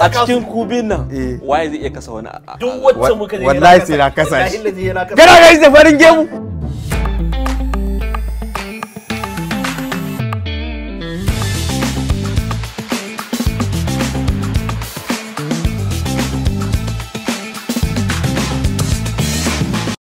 a cikin kubin nan eh. waye zai iya kasa wani duk wacce muka je wallahi sai na kasa shi gara ga shi da farin gemu